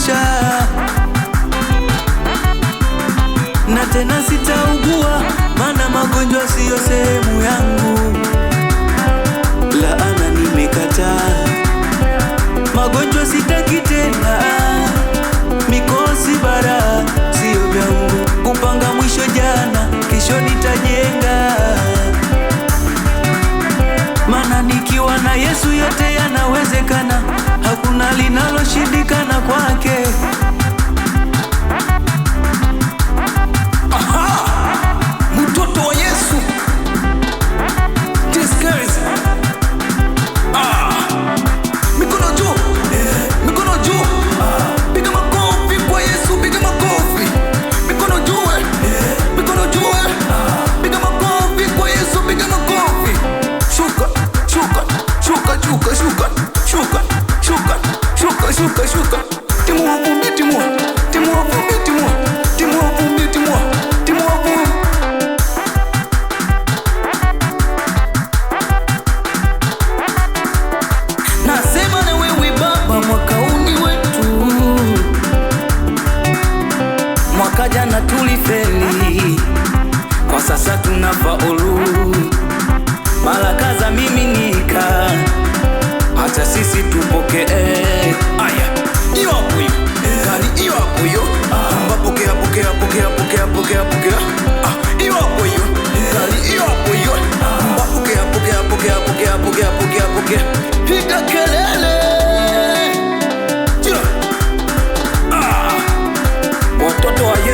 maisha na tena sitaugua, maana magonjwa siyo sehemu yangu. Ukiwa na Yesu yote yanawezekana, hakuna linaloshindikana kwake. Mwaka jana tulifeli, kwa sasa tunafaulu. Mara kaza mimi ni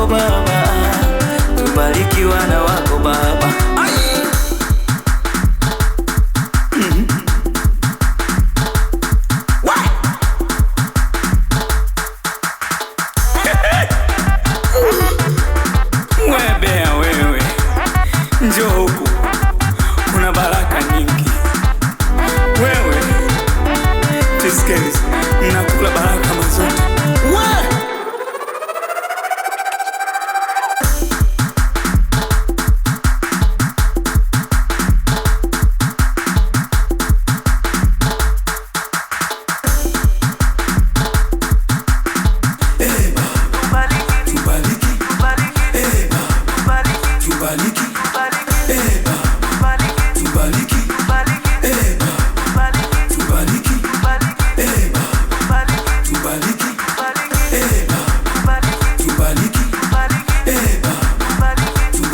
wako Baba, tubarikiwa wana wako Baba. wewe, baraka nyingi. Wewe nakula baraka mazote